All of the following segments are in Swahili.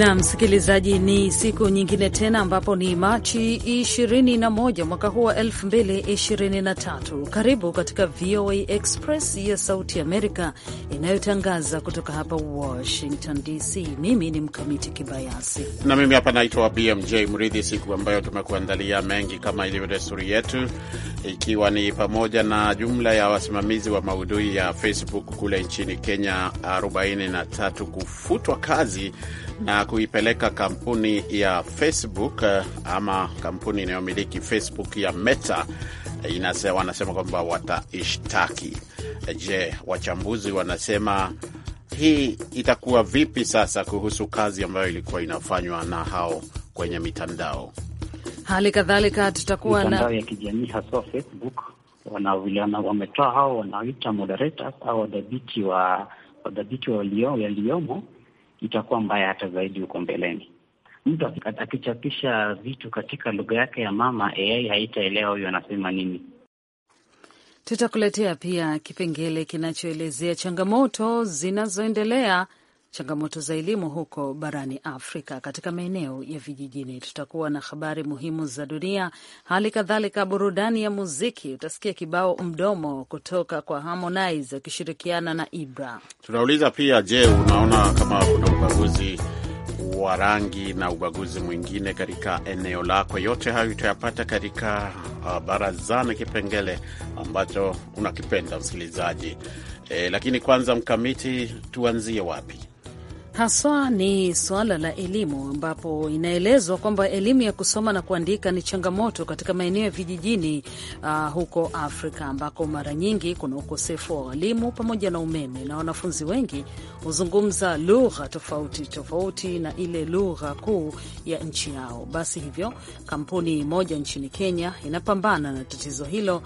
na msikilizaji, ni siku nyingine tena ambapo ni Machi 21 mwaka huu wa 2023. Karibu katika VOA Express ya Sauti Amerika inayotangaza kutoka hapa Washington DC. Mimi ni Mkamiti Kibayasi na mimi hapa naitwa BMJ Mridhi, siku ambayo tumekuandalia mengi kama ilivyo desturi yetu, ikiwa ni pamoja na jumla ya wasimamizi wa maudhui ya Facebook kule nchini Kenya 43 kufutwa kazi na kuipeleka kampuni ya Facebook eh, ama kampuni inayomiliki Facebook ya Meta eh, inase, wanasema kwamba wataishtaki. Eh, je, wachambuzi wanasema hii itakuwa vipi sasa kuhusu kazi ambayo ilikuwa inafanywa na hao kwenye mitandao? Hali kadhalika tutakuwa na mitandao ya kijamii haswa Facebook, wanaviliana wametoa hao wanaoita moderators au wadhabiti wa wadhabiti wa yaliyomo itakuwa mbaya hata zaidi huko mbeleni. Mtu akichapisha vitu katika lugha yake ya mama, AI haitaelewa huyo anasema nini. Tutakuletea pia kipengele kinachoelezea changamoto zinazoendelea changamoto za elimu huko barani Afrika katika maeneo ya vijijini. Tutakuwa na habari muhimu za dunia, hali kadhalika burudani ya muziki. Utasikia kibao mdomo kutoka kwa Harmonize akishirikiana na Ibra. Tunauliza pia, je, unaona kama kuna ubaguzi wa rangi na ubaguzi mwingine katika eneo lako. Yote hayo utayapata katika uh, barazani, kipengele ambacho unakipenda msikilizaji. E, lakini kwanza mkamiti, tuanzie wapi? haswa ni suala la elimu, ambapo inaelezwa kwamba elimu ya kusoma na kuandika ni changamoto katika maeneo ya vijijini uh, huko Afrika ambako mara nyingi kuna ukosefu wa walimu pamoja na umeme, na wanafunzi wengi huzungumza lugha tofauti tofauti na ile lugha kuu ya nchi yao. Basi hivyo kampuni moja nchini Kenya inapambana na tatizo hilo,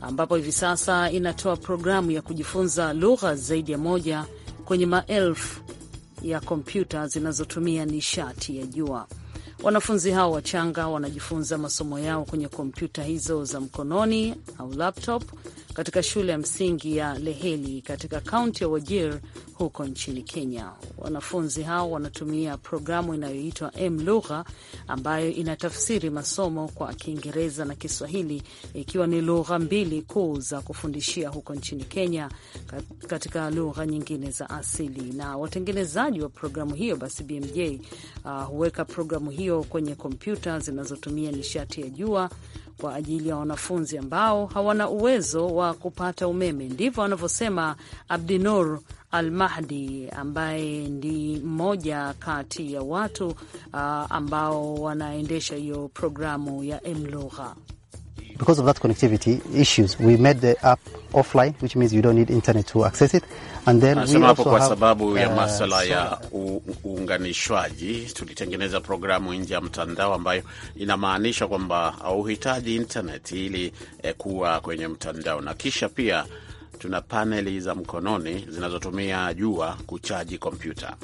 ambapo hivi sasa inatoa programu ya kujifunza lugha zaidi ya moja kwenye maelfu ya kompyuta zinazotumia nishati ya jua. Wanafunzi hao wachanga wanajifunza masomo yao kwenye kompyuta hizo za mkononi au laptop katika shule ya msingi ya Leheli katika kaunti ya Wajir huko nchini Kenya. Wanafunzi hao wanatumia programu inayoitwa m lugha ambayo inatafsiri masomo kwa Kiingereza na Kiswahili, ikiwa ni lugha mbili kuu za kufundishia huko nchini Kenya katika lugha nyingine za asili. Na watengenezaji wa programu hiyo basi BMJ uh, huweka programu hiyo kwenye kompyuta zinazotumia nishati ya jua kwa ajili ya wanafunzi ambao hawana uwezo wa kupata umeme. Ndivyo anavyosema Abdinur Al Mahdi ambaye ni mmoja kati ya watu uh, ambao wanaendesha hiyo programu ya Mlugha. Because of that connectivity issues, we made the app offline, which means you don't need internet to access it. And then we also kwa have, sababu ya uh, ya uunganishwaji tulitengeneza programu nje ya mtandao ambayo inamaanisha kwamba hauhitaji internet ili eh, kuwa kwenye mtandao na kisha pia tuna paneli za mkononi zinazotumia jua kuchaji kompyuta.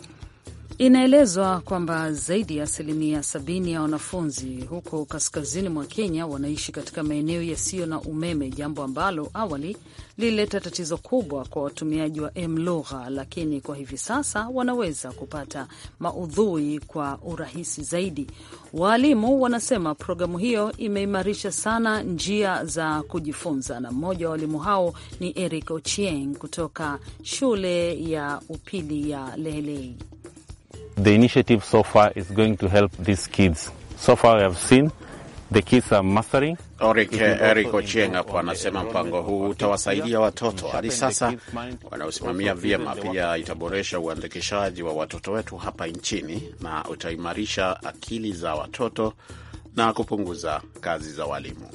Inaelezwa kwamba zaidi ya asilimia sabini ya wanafunzi huko kaskazini mwa Kenya wanaishi katika maeneo yasiyo na umeme, jambo ambalo awali lilileta tatizo kubwa kwa watumiaji wa m lugha lakini kwa hivi sasa wanaweza kupata maudhui kwa urahisi zaidi. Waalimu wanasema programu hiyo imeimarisha sana njia za kujifunza, na mmoja wa walimu hao ni Eric Ochieng kutoka shule ya upili ya Lehelei. The initiative so far is going to help these kids. So far we have seen the kids are mastering. Orik Eric Ochieng hapo anasema mpango huu utawasaidia watoto hadi sasa wanaosimamia vyema, pia itaboresha uandikishaji wa watoto wetu hapa nchini na utaimarisha akili za watoto na kupunguza kazi za walimu.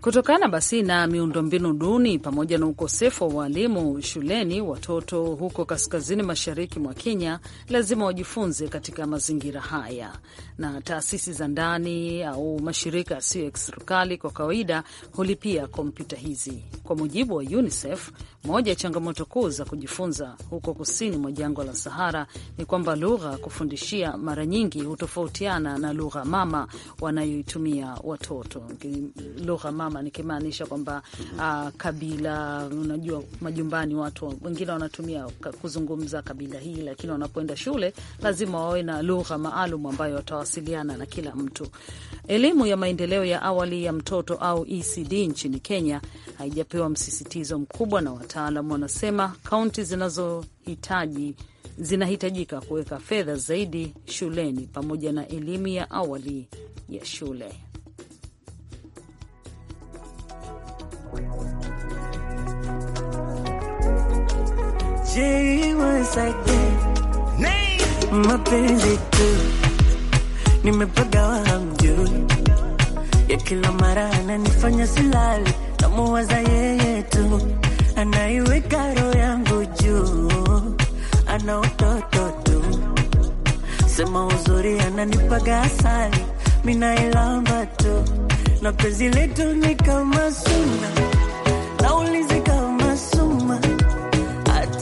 Kutokana basi na miundombinu duni pamoja na ukosefu wa waalimu shuleni, watoto huko kaskazini mashariki mwa Kenya lazima wajifunze katika mazingira haya, na taasisi za ndani au mashirika yasiyo ya kiserikali kwa kawaida hulipia kompyuta hizi. Kwa mujibu wa UNICEF, moja ya changamoto kuu za kujifunza huko kusini mwa jangwa la Sahara ni kwamba lugha ya kufundishia mara nyingi hutofautiana na lugha mama wanayoitumia watoto lugha mama mama, nikimaanisha kwamba uh, kabila. Unajua, majumbani watu wengine wanatumia kuzungumza kabila hii, lakini wanapoenda shule lazima wawe na lugha maalum ambayo watawasiliana na kila mtu. Elimu ya maendeleo ya awali ya mtoto au ECD nchini Kenya haijapewa msisitizo mkubwa, na wataalam wanasema kaunti zinazohitaji zinahitajika kuweka fedha zaidi shuleni pamoja na elimu ya awali ya shule. mapenzi tu nimepagawa hamjui ya kila mara ananifanya silali namuwaza yeye tu anaiweka roho yangu juu ana utoto tu sema uzuri ananipaga asali minailamba tu na pezi letu ni kama suna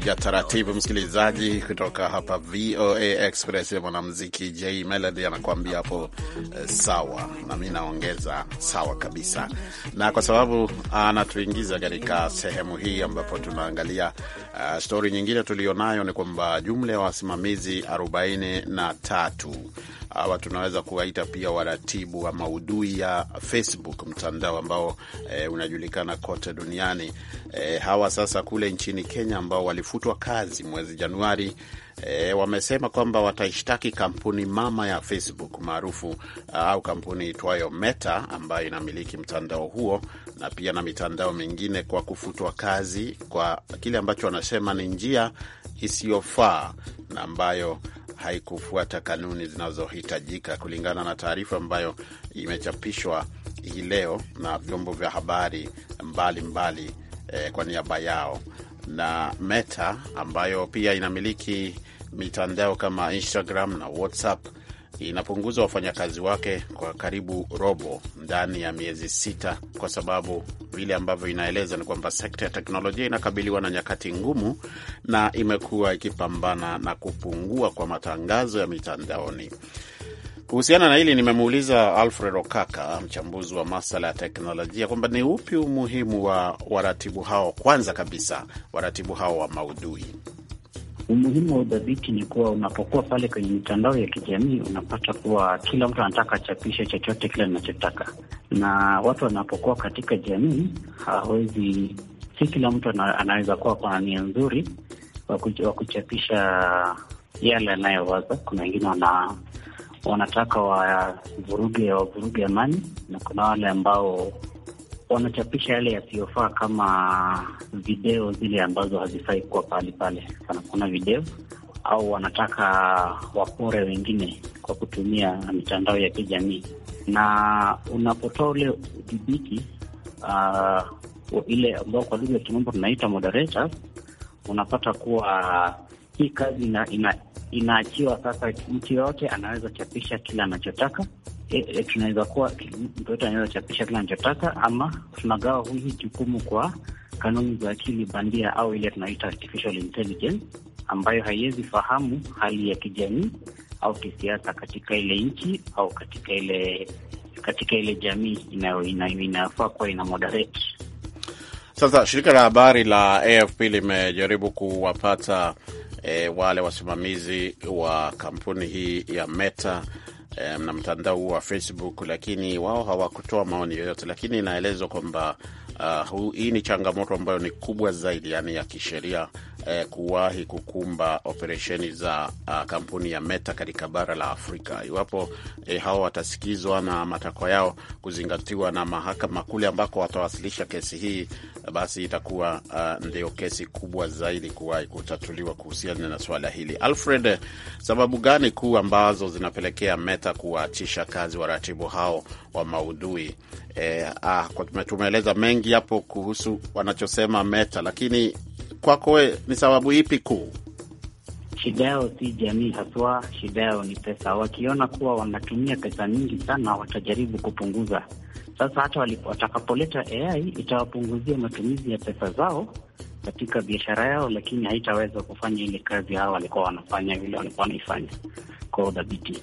kuja taratibu, msikilizaji, kutoka hapa VOA Express. Mwanamziki J Melody anakuambia hapo Eh, sawa, na mi naongeza sawa kabisa, na kwa sababu ah, anatuingiza katika sehemu hii ambapo tunaangalia uh, ah, stori nyingine tulionayo ni kwamba jumla ya wasimamizi 43 na tatu hawa tunaweza kuwaita pia waratibu wa maudhui ya Facebook, mtandao ambao e, unajulikana kote duniani. E, hawa sasa kule nchini Kenya ambao walifutwa kazi mwezi Januari e, wamesema kwamba wataishtaki kampuni mama ya Facebook maarufu uh, au kampuni itwayo Meta ambayo inamiliki mtandao huo na pia na mitandao mingine kwa kufutwa kazi kwa kile ambacho wanasema ni njia isiyofaa na ambayo haikufuata kanuni zinazohitajika kulingana na taarifa ambayo imechapishwa hii leo na vyombo vya habari mbalimbali mbali, eh, e, kwa niaba yao na Meta ambayo pia inamiliki mitandao kama Instagram na WhatsApp inapunguza wafanyakazi wake kwa karibu robo ndani ya miezi sita, kwa sababu vile ambavyo inaeleza ni kwamba sekta ya teknolojia inakabiliwa na nyakati ngumu na imekuwa ikipambana na kupungua kwa matangazo ya mitandaoni. Kuhusiana na hili nimemuuliza Alfred Okaka, mchambuzi wa masala ya teknolojia, kwamba ni upi umuhimu wa waratibu hao. Kwanza kabisa, waratibu hao wa maudhui Umuhimu wa udhabiti ni kuwa unapokuwa pale kwenye mitandao ya kijamii unapata kuwa kila mtu anataka achapishe chochote kile anachotaka, na watu wanapokuwa katika jamii hawezi, si kila mtu anaweza kuwa kwa nia nzuri wa kuchapisha yale anayowaza. Kuna wengine wana wanataka wavuruge wavuruge amani, na kuna wale ambao wanachapisha yale yasiyofaa kama video zile ambazo hazifai kuwa pahali pale sana. Kuna video au wanataka wapore wengine kwa kutumia mitandao ya kijamii, na unapotoa ule udhibiti uh, ile ambao kwa lugha ya kimombo tunaita moderators, unapata kuwa hii kazi ina, ina, inaachiwa sasa, mtu yoyote anaweza chapisha kila anachotaka. E, e, tunaweza kuwa mtu yote anaweza chapisha kila anachotaka, ama tunagawa hii jukumu kwa kanuni za akili bandia au ile tunaita artificial intelligence ambayo haiwezi fahamu hali ya kijamii au kisiasa katika ile nchi au katika ile katika ile jamii inayofaa kuwa ina moderate. Sasa shirika la habari la AFP limejaribu kuwapata e, wale wasimamizi wa kampuni hii ya Meta e, na mtandao huu wa Facebook, lakini wao hawakutoa maoni yoyote, lakini inaelezwa kwamba uh, hii ni changamoto ambayo ni kubwa zaidi yani ya kisheria eh, kuwahi kukumba operesheni za uh, kampuni ya Meta katika bara la Afrika iwapo eh, hao watasikizwa na matakwa yao kuzingatiwa na mahakama kule ambako watawasilisha kesi hii, basi itakuwa uh, ndio kesi kubwa zaidi kuwahi kutatuliwa kuhusiana na swala hili. Alfred, sababu gani kuu ambazo zinapelekea Meta kuwaachisha kazi waratibu hao wa maudhui? Eh, ah, tumeeleza mengi yapo kuhusu wanachosema Meta, lakini kwako we ni sababu ipi kuu? Shida yao si jamii haswa, shida yao ni pesa. Wakiona kuwa wanatumia pesa nyingi sana, watajaribu kupunguza. Sasa hata watakapoleta AI itawapunguzia matumizi ya pesa zao katika biashara yao, lakini haitaweza kufanya ile kazi hao walikuwa wanafanya vile walikuwa wanaifanya kwa udhabiti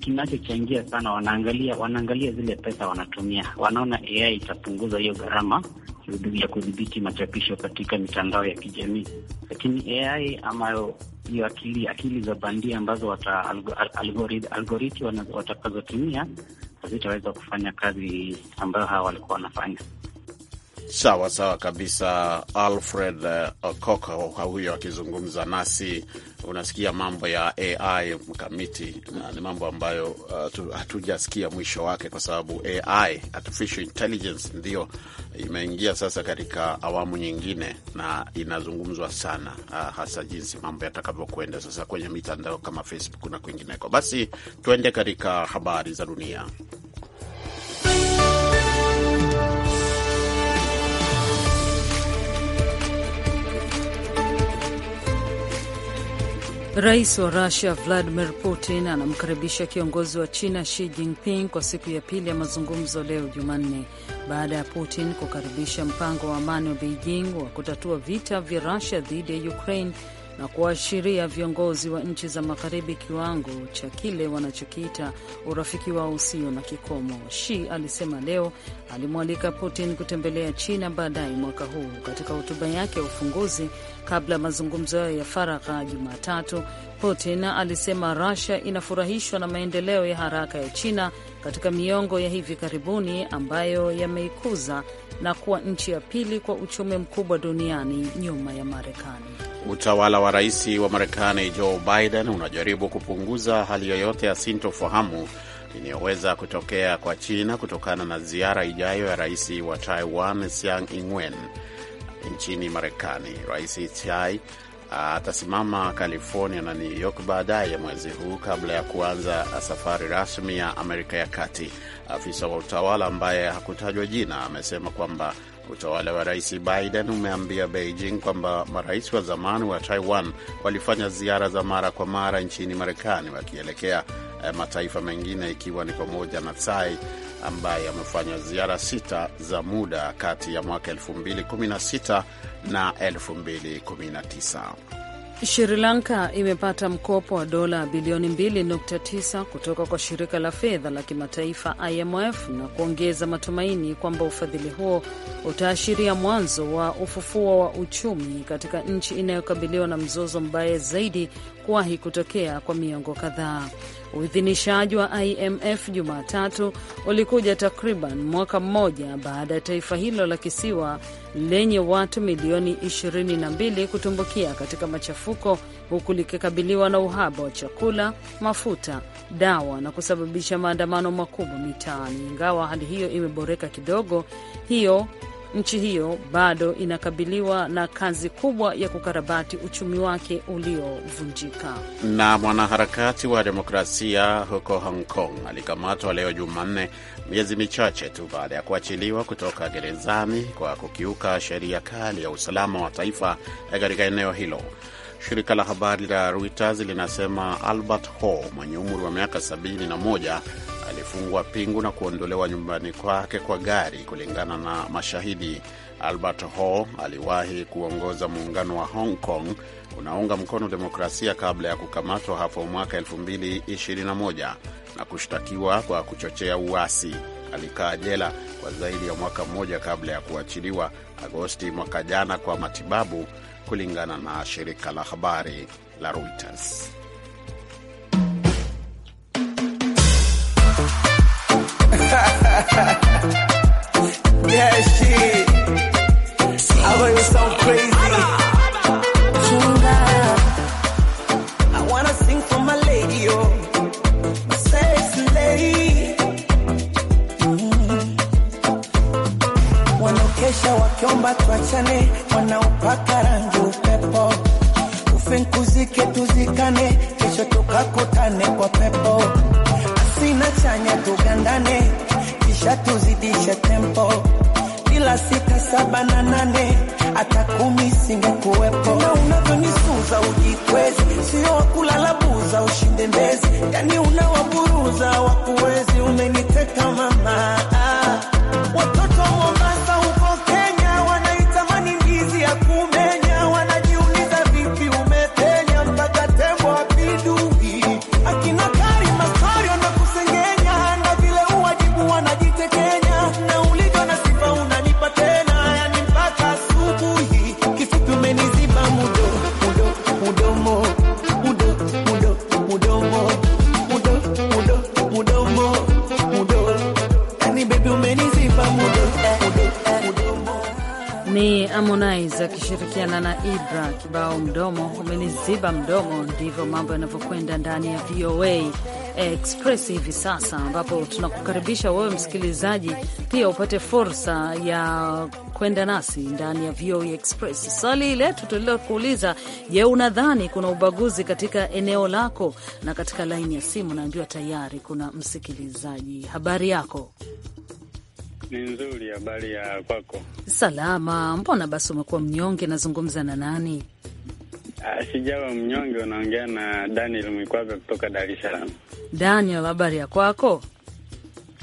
kinachochangia sana, wanaangalia wanaangalia zile pesa wanatumia, wanaona AI itapunguza hiyo gharama ya kudhibiti machapisho katika mitandao ya kijamii, lakini AI ambayo hiyo akili akili za bandia ambazo wata watakazotumia hazitaweza kufanya kazi ambayo hawa walikuwa wanafanya. Sawa sawa kabisa, Alfred uh, Okoko huyo akizungumza nasi. Unasikia mambo ya AI mkamiti, na ni mambo ambayo uh, hatujasikia mwisho wake, kwa sababu AI, artificial intelligence, ndio imeingia sasa katika awamu nyingine na inazungumzwa sana uh, hasa jinsi mambo yatakavyokwenda sasa kwenye mitandao kama Facebook na kwingineko. Basi tuende katika habari za dunia. Rais wa Rusia Vladimir Putin anamkaribisha kiongozi wa China Xi Jinping kwa siku ya pili ya mazungumzo leo Jumanne, baada ya Putin kukaribisha mpango wa amani wa Beijing wa kutatua vita vya Rusia dhidi ya Ukraine na kuwaashiria viongozi wa nchi za magharibi kiwango cha kile wanachokiita urafiki wao usio na kikomo. Shi alisema leo alimwalika Putin kutembelea China baadaye mwaka huu. Katika hotuba yake ya ufunguzi kabla ya mazungumzo hayo ya faragha Jumatatu, Putin alisema Russia inafurahishwa na maendeleo ya haraka ya China katika miongo ya hivi karibuni ambayo yameikuza na kuwa nchi ya pili kwa uchumi mkubwa duniani nyuma ya Marekani. Utawala wa rais wa Marekani Joe Biden unajaribu kupunguza hali yoyote ya sintofahamu inayoweza kutokea kwa China kutokana na ziara ijayo ya rais wa Taiwan Tsai Ing-wen nchini Marekani. Rais Tsai atasimama California na New York baadaye mwezi huu kabla ya kuanza safari rasmi ya Amerika ya Kati. Afisa wa utawala ambaye hakutajwa jina amesema kwamba utawala wa Rais Biden umeambia Beijing kwamba marais wa zamani wa Taiwan walifanya ziara za mara kwa mara nchini Marekani wakielekea eh, mataifa mengine ikiwa ni pamoja na Tsai ambaye amefanya ziara sita za muda kati ya mwaka 2016 na 2019. Sri Lanka imepata mkopo wa dola bilioni 2.9 kutoka kwa shirika la fedha la kimataifa IMF na kuongeza matumaini kwamba ufadhili huo utaashiria mwanzo wa ufufuo wa uchumi katika nchi inayokabiliwa na mzozo mbaya zaidi kuwahi kutokea kwa miongo kadhaa. Uidhinishaji wa IMF Jumatatu ulikuja takriban mwaka mmoja baada ya taifa hilo la kisiwa lenye watu milioni 22 kutumbukia katika machafuko huku likikabiliwa na uhaba wa chakula, mafuta, dawa na kusababisha maandamano makubwa mitaani. Ingawa hali hiyo imeboreka kidogo, hiyo nchi hiyo bado inakabiliwa na kazi kubwa ya kukarabati uchumi wake uliovunjika. Na mwanaharakati wa demokrasia huko Hong Kong alikamatwa leo Jumanne, miezi michache tu baada ya kuachiliwa kutoka gerezani kwa kukiuka sheria kali ya usalama wa taifa katika eneo hilo. Shirika la habari la Reuters linasema Albert Ho mwenye umri wa miaka 71 alifungwa pingu na kuondolewa nyumbani kwake kwa gari. Kulingana na mashahidi, Albert Ho aliwahi kuongoza muungano wa Hong Kong unaunga mkono demokrasia kabla ya kukamatwa hapo mwaka 2021 na kushtakiwa kwa kuchochea uasi. Alikaa jela kwa zaidi ya mwaka mmoja kabla ya kuachiliwa Agosti mwaka jana kwa matibabu, kulingana na shirika la habari la Reuters. yeah, shit. I thought it was so crazy. Chinga. I wanna sing for my lady, yo. My sexy lady. Mm-hmm. Wanaokesha wakiomba tuachane, wanaopaka rangi upepo. Ufe nkuzike tuzikane, kesho tukakutane kwa pepo. Asina chanya tugandane ushatuzidisha tempo, bila sita, saba na nane, hata kumi singekuwepo. Na unavyonisuza ujikwezi, sio kulala buza, ushinde mbezi kuziba mdomo. Ndivyo mambo yanavyokwenda ndani ya VOA Express hivi sasa, ambapo tunakukaribisha wewe msikilizaji pia upate fursa ya kwenda nasi ndani ya VOA Express. Swali letu tulilokuuliza, je, unadhani kuna ubaguzi katika eneo lako? Na katika laini ya simu naambiwa tayari kuna msikilizaji. Habari yako? Ni nzuri. Habari ya kwako? Salama. Mbona basi umekuwa mnyonge? Nazungumza na nani? Ah, sijawa mnyonge, unaongea na Daniel Mwikwaga kutoka Dar es Salaam. Daniel, habari ya kwako?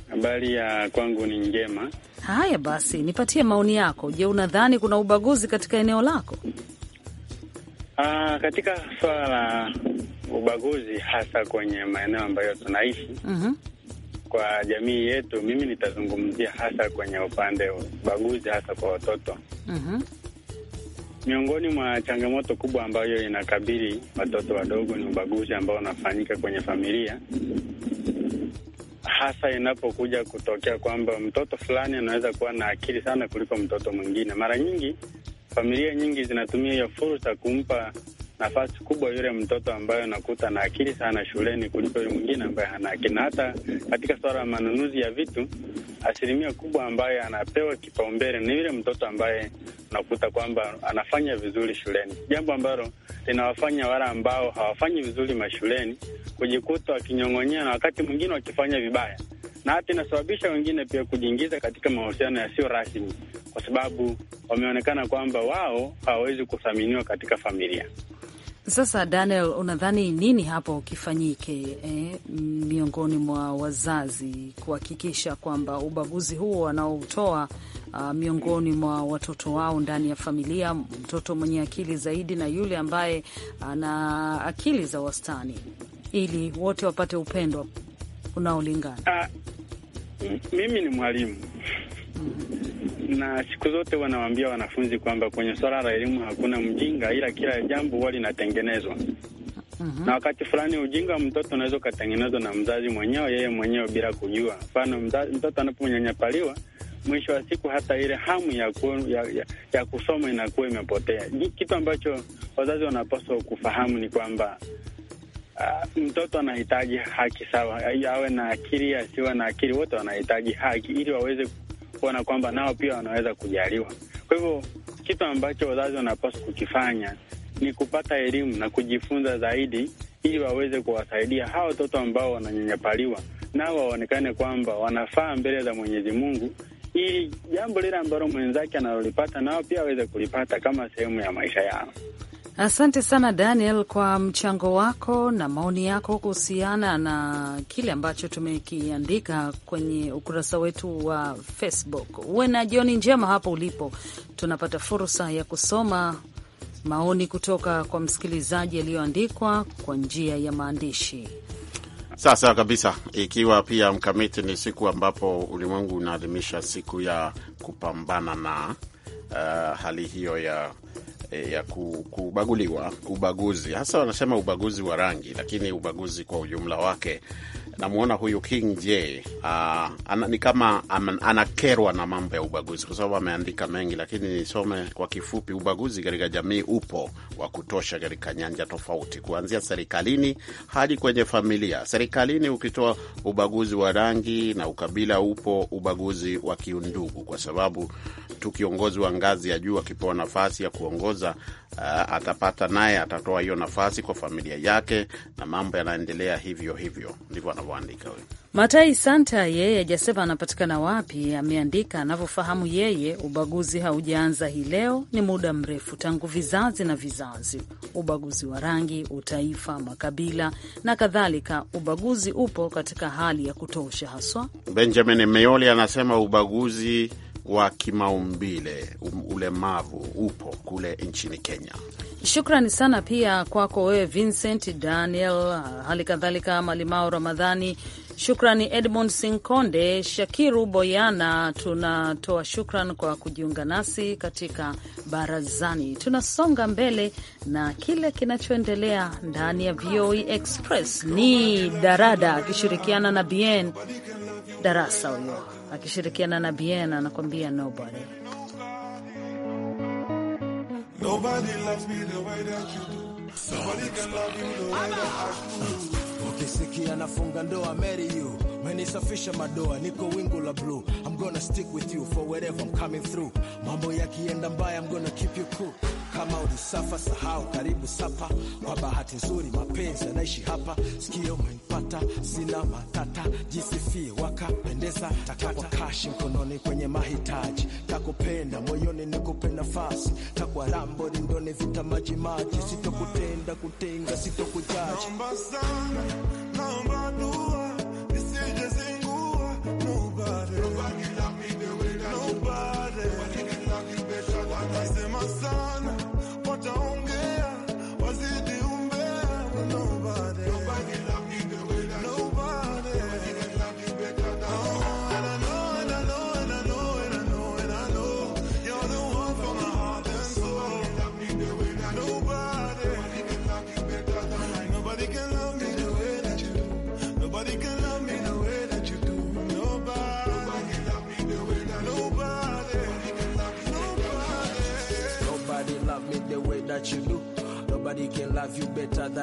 Habari ya kwangu ni njema. Haya basi, nipatie maoni yako. Je, unadhani kuna ubaguzi katika eneo lako? Aa, ah, katika swala la ubaguzi hasa kwenye maeneo ambayo tunaishi uh mhm. -huh. Kwa jamii yetu, mimi nitazungumzia hasa kwenye upande ubaguzi hasa kwa watoto uh mhm. -huh. Miongoni mwa changamoto kubwa ambayo inakabili watoto wadogo ni ubaguzi ambao unafanyika kwenye familia, hasa inapokuja kutokea kwamba mtoto fulani anaweza kuwa na akili sana kuliko mtoto mwingine. Mara nyingi familia nyingi zinatumia hiyo fursa kumpa nafasi kubwa yule mtoto ambaye unakuta na akili sana shuleni kuliko yule mwingine ambaye hana akili. Na hata katika suala la manunuzi ya vitu, asilimia kubwa ambaye anapewa kipaumbele ni yule mtoto ambaye unakuta kwamba anafanya vizuri shuleni, jambo ambalo linawafanya wale ambao hawafanyi vizuri mashuleni kujikuta wakinyong'onyea na wakati mwingine wakifanya vibaya na hata inasababisha wengine pia kujiingiza katika mahusiano yasiyo rasmi, kwa sababu wameonekana kwamba wao hawawezi kuthaminiwa katika familia. Sasa Daniel, unadhani nini hapo kifanyike eh, miongoni mwa wazazi kuhakikisha kwamba ubaguzi huo wanaoutoa uh, miongoni mwa watoto wao ndani ya familia, mtoto mwenye akili zaidi na yule ambaye ana akili za wastani, ili wote wapate upendo unaolingana? Uh, mimi ni mwalimu na siku zote wanawaambia wanafunzi kwamba kwenye swala la elimu hakuna mjinga, ila kila jambo huwa linatengenezwa Uhum. Na wakati fulani ujinga mtoto unaweza ukatengenezwa na mzazi mwenyewe, yeye mwenyewe bila kujua. Mfano, mtoto anaponyanyapaliwa, mwisho wa siku hata ile hamu ya, ku, ya, ya, ya kusoma inakuwa imepotea. Kitu ambacho wazazi wanapaswa kufahamu ni kwamba Uh, mtoto anahitaji haki sawa, awe na akili asiwe na akili, wote wanahitaji haki ili waweze kuona kwamba nao pia wanaweza kujaliwa. Kwa hivyo kitu ambacho wazazi wanapaswa kukifanya ni kupata elimu na kujifunza zaidi, ili waweze kuwasaidia hawa watoto ambao wananyanyapaliwa, nao waonekane kwamba wanafaa mbele za Mwenyezi Mungu, ili jambo lile ambalo mwenzake analolipata nao pia aweze kulipata kama sehemu ya maisha yao. Asante sana Daniel kwa mchango wako na maoni yako kuhusiana na kile ambacho tumekiandika kwenye ukurasa wetu wa Facebook. Uwe na jioni njema hapo ulipo. Tunapata fursa ya kusoma maoni kutoka kwa msikilizaji yaliyoandikwa kwa njia ya maandishi. sawa kabisa, ikiwa pia mkamiti ni siku ambapo ulimwengu unaadhimisha siku ya kupambana na uh, hali hiyo ya E, ya kubaguliwa, ubaguzi hasa wanasema ubaguzi wa rangi, lakini ubaguzi kwa ujumla wake namwona huyu King J uh, ni kama um, anakerwa na mambo ya ubaguzi, kwa sababu ameandika mengi, lakini nisome kwa kifupi. Ubaguzi katika jamii upo wa kutosha katika nyanja tofauti, kuanzia serikalini hadi kwenye familia. Serikalini ukitoa ubaguzi wa rangi na ukabila, upo ubaguzi wa kiundugu, kwa sababu tu kiongozi wa ngazi ya juu akipewa nafasi ya kuongoza uh, atapata naye atatoa hiyo nafasi kwa familia yake, na mambo yanaendelea hivyo hivyo, ndivyo anavyoandika huyu Matai Santa. Yeye ajasema anapatikana wapi, ameandika anavyofahamu yeye. Ubaguzi haujaanza hii leo, ni muda mrefu, tangu vizazi na vizazi. Ubaguzi wa rangi, utaifa, makabila na kadhalika. Ubaguzi upo katika hali ya kutosha haswa. Benjamin Meoli anasema ubaguzi wa kimaumbile um, ulemavu upo kule nchini Kenya. Shukrani sana pia kwako wewe Vincent Daniel, hali kadhalika Malimao Ramadhani. Shukrani edmund Sinkonde, Shakiru Boyana, tunatoa shukran kwa kujiunga nasi katika barazani. Tunasonga mbele na kile kinachoendelea ndani ya VOA e Express. Ni Darada akishirikiana na Bien Darasa huyo akishirikiana na biena anakuambia nobody. Ukisikia nafunga ndoa, marry you, menisafisha madoa, niko wingu la blue. I'm gonna stick with you for wherever I'm coming through. Mambo yakienda mbaya, I'm gonna keep you cool. Kama ulisafa sahau, karibu sapa. Kwa bahati nzuri mapenzi yanaishi hapa, sikio mwaipata, sina matata, jisifie wakapendeza, takwa kashi mkononi kwenye mahitaji, takupenda moyoni nikupe nafasi, takwa rambo rindoni vita maji, sitokutenda kutenga, sitokujaji Nobody, nobody,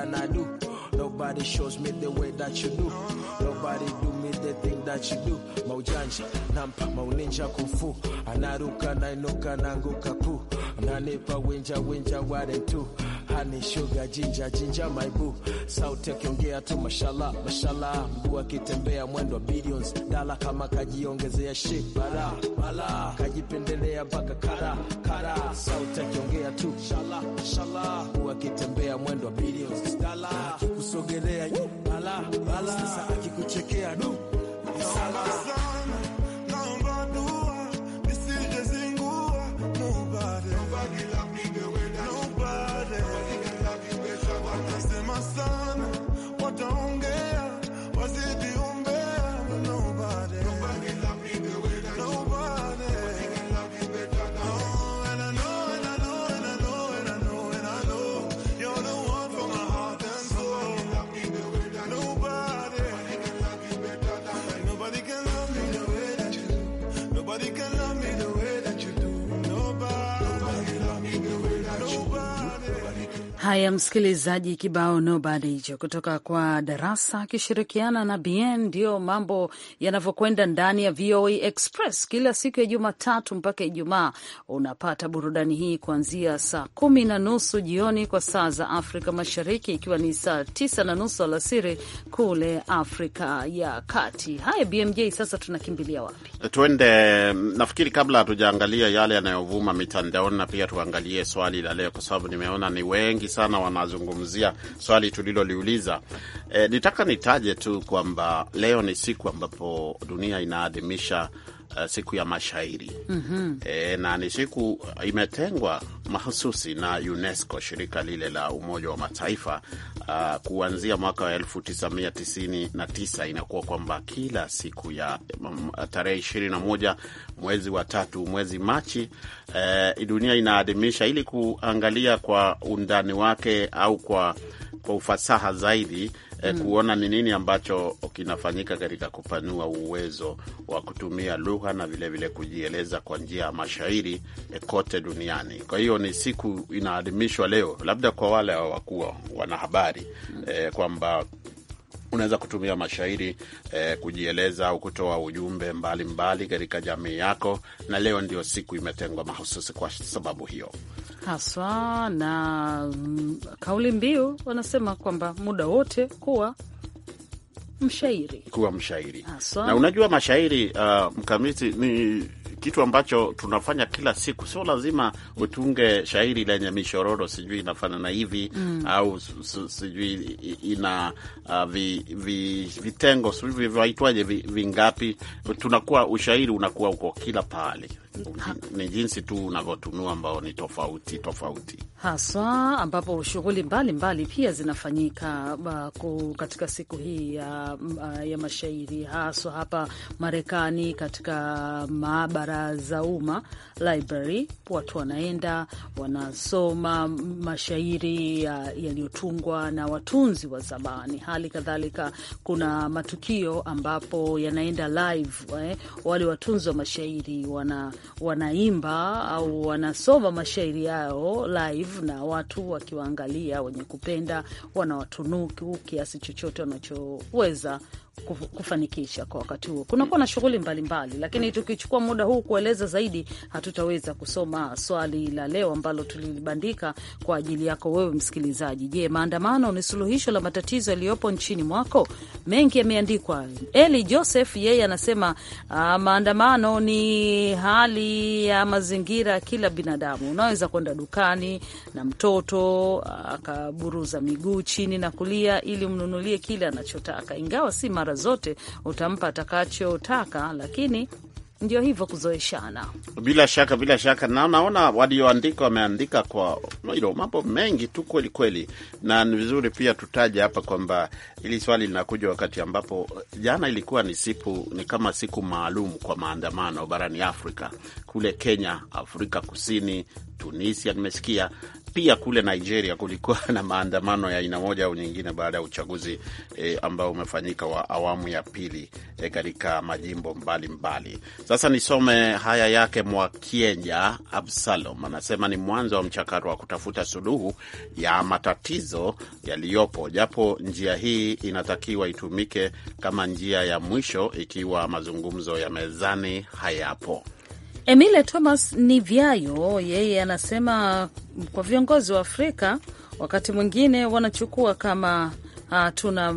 than I do. Nobody shows me the way that you do. Nobody do me the thing that you do. Maujanja, nampa, mauninja kufu. Anaruka, nainuka, nanguka ku. Nanipa, winja, winja, ware tu. yani sugar jinja jinja my boo, sauti akiongea tu mashala mashallah, mguu akitembea mwendo wa billions dala, kama kajiongezea shit bala bala, kajipendelea baka kara kara, sauti akiongea tu mashala shala, mguu akitembea mwendo wa billions dala, akikusogelea bala bala, sasa akikuchekea du sala Haya, msikilizaji, kibao nobody hicho kutoka kwa Darasa akishirikiana na BN. Ndiyo mambo yanavyokwenda ndani ya VOA Express kila siku ya Jumatatu mpaka Ijumaa. Unapata burudani hii kuanzia saa kumi na nusu jioni kwa saa za Afrika Mashariki, ikiwa ni saa tisa na nusu alasiri kule Afrika ya Kati. Haya BMJ, sasa tunakimbilia wapi? Tuende nafikiri, kabla hatujaangalia yale yanayovuma mitandaoni, na pia tuangalie swali la leo, kwa sababu nimeona ni wengi sana wanazungumzia swali tuliloliuliza. E, nitaka nitaje tu kwamba leo ni siku ambapo dunia inaadhimisha uh, siku ya mashairi mm -hmm. E, na ni siku uh, imetengwa mahususi na UNESCO, shirika lile la Umoja wa Mataifa uh, kuanzia mwaka wa 1999 inakuwa kwamba kila siku ya um, tarehe 21 mwezi wa tatu mwezi Machi uh, dunia inaadhimisha ili kuangalia kwa undani wake au kwa, kwa ufasaha zaidi eh, mm. kuona ni nini ambacho kinafanyika katika kupanua uwezo wa kutumia lugha na vilevile vile kujieleza kwa njia ya mashairi eh, kote duniani. Kwa hiyo ni siku inaadhimishwa leo, labda kwa wale hawakuwa wanahabari eh, kwamba unaweza kutumia mashairi eh, kujieleza au kutoa ujumbe mbalimbali katika jamii yako, na leo ndio siku imetengwa mahususi kwa sababu hiyo haswa na mm, kauli mbiu wanasema kwamba muda wote kuwa mshairi, kuwa mshairi haswa. Na unajua mashairi uh, mkamiti ni kitu ambacho tunafanya kila siku. Sio lazima utunge shairi lenye mishororo, sijui inafanana hivi mm, au sijui ina uh, vi, vi, vitengo sijui vaitwaje vingapi vi, tunakuwa ushairi unakuwa uko kila pahali ni jinsi tu unavyotunua ambao ni tofauti tofauti haswa, ambapo shughuli mbalimbali pia zinafanyika baku, katika siku hii ya, ya mashairi haswa hapa Marekani, katika maabara za umma library, watu wanaenda wanasoma mashairi yaliyotungwa yaliyotungwa na watunzi wa zamani. Hali kadhalika kuna matukio ambapo yanaenda live eh, wale watunzi wa mashairi wana wanaimba au wanasoma mashairi yao live, na watu wakiwaangalia, wenye kupenda wanawatunuku kiasi chochote wanachoweza kufanikisha kwa wakati huo. Kunakuwa na shughuli mbalimbali, lakini tukichukua muda huu kueleza zaidi, hatutaweza kusoma swali la leo ambalo tulilibandika kwa ajili yako wewe msikilizaji. Je, maandamano ni suluhisho la matatizo yaliyopo nchini mwako? Mengi yameandikwa. Eli Joseph yeye anasema uh, maandamano ni hali ya mazingira. Kila binadamu unaweza kwenda dukani na mtoto ah, akaburuza uh, miguu chini na kulia ili mnunulie kile anachotaka, ingawa si mara zote utampa atakachotaka, lakini ndio hivyo kuzoeshana. Bila shaka, bila shaka, na naona walioandika wameandika kwa hilo mambo mengi tu kweli kweli, na ni vizuri pia tutaje hapa kwamba hili swali linakuja wakati ambapo jana ilikuwa ni siku ni kama siku maalum kwa maandamano barani Afrika, kule Kenya, Afrika Kusini, Tunisia nimesikia pia kule Nigeria kulikuwa na maandamano ya aina moja au nyingine baada ya uchaguzi e, ambao umefanyika wa awamu ya pili e, katika majimbo mbalimbali mbali. Sasa nisome haya yake Mwakienja Absalom anasema ni mwanzo wa mchakato wa kutafuta suluhu ya matatizo yaliyopo, japo njia hii inatakiwa itumike kama njia ya mwisho ikiwa mazungumzo ya mezani hayapo. Emile Thomas ni vyayo yeye anasema kwa viongozi wa Afrika wakati mwingine wanachukua kama uh, tuna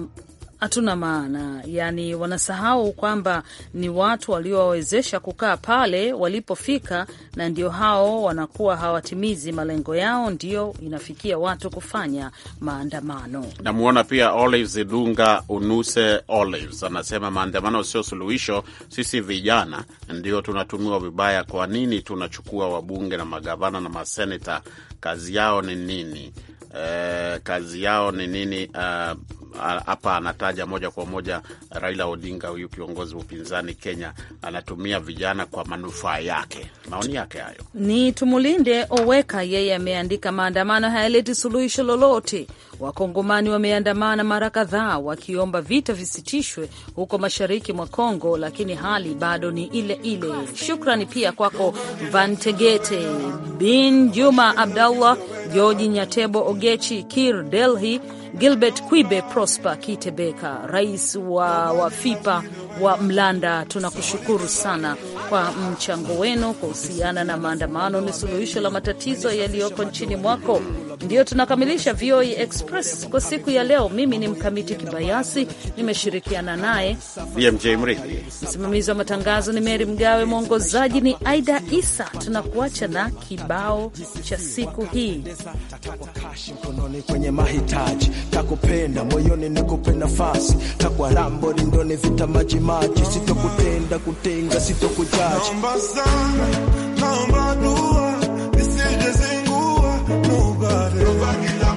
hatuna maana. Yani wanasahau kwamba ni watu waliowawezesha kukaa pale walipofika, na ndio hao wanakuwa hawatimizi malengo yao, ndio inafikia watu kufanya maandamano. Namwona pia Olives Dunga Unuse Olives anasema maandamano sio suluhisho, sisi vijana ndio tunatumiwa vibaya. Kwa nini tunachukua wabunge na magavana na maseneta? Kazi yao ni nini? eh, kazi yao ni nini eh, hapa? Uh, anataja moja kwa moja Raila Odinga, huyu kiongozi wa upinzani Kenya, anatumia vijana kwa manufaa yake. Maoni yake hayo. Ni Tumulinde Oweka, yeye ameandika, maandamano hayaleti suluhisho lolote. Wakongomani wameandamana mara kadhaa wakiomba vita visitishwe huko mashariki mwa Kongo, lakini hali bado ni ile ile. Shukrani pia kwako Vantegete bin Juma Abdallah George Nyatebo Ogechi Kir Delhi Gilbert Kwibe Prosper Kitebeka, rais wa Wafipa wa Mlanda, tunakushukuru sana kwa mchango wenu kuhusiana na maandamano. Ni suluhisho la matatizo yaliyoko nchini mwako ndiyo tunakamilisha VOA e Express kwa siku ya leo. Mimi ni Mkamiti Kibayasi, nimeshirikiana naye BMJ Mrihi. Msimamizi wa matangazo ni Meri Mgawe, mwongozaji ni Aida Isa. Tunakuacha na kibao cha siku hii mkononi kwenye mahitaji takupenda moyoni nikupe nafasi takwa rambo lindoni vita maji sitokutenda kutenga sitokujaji sana naomba dua nobody. nobody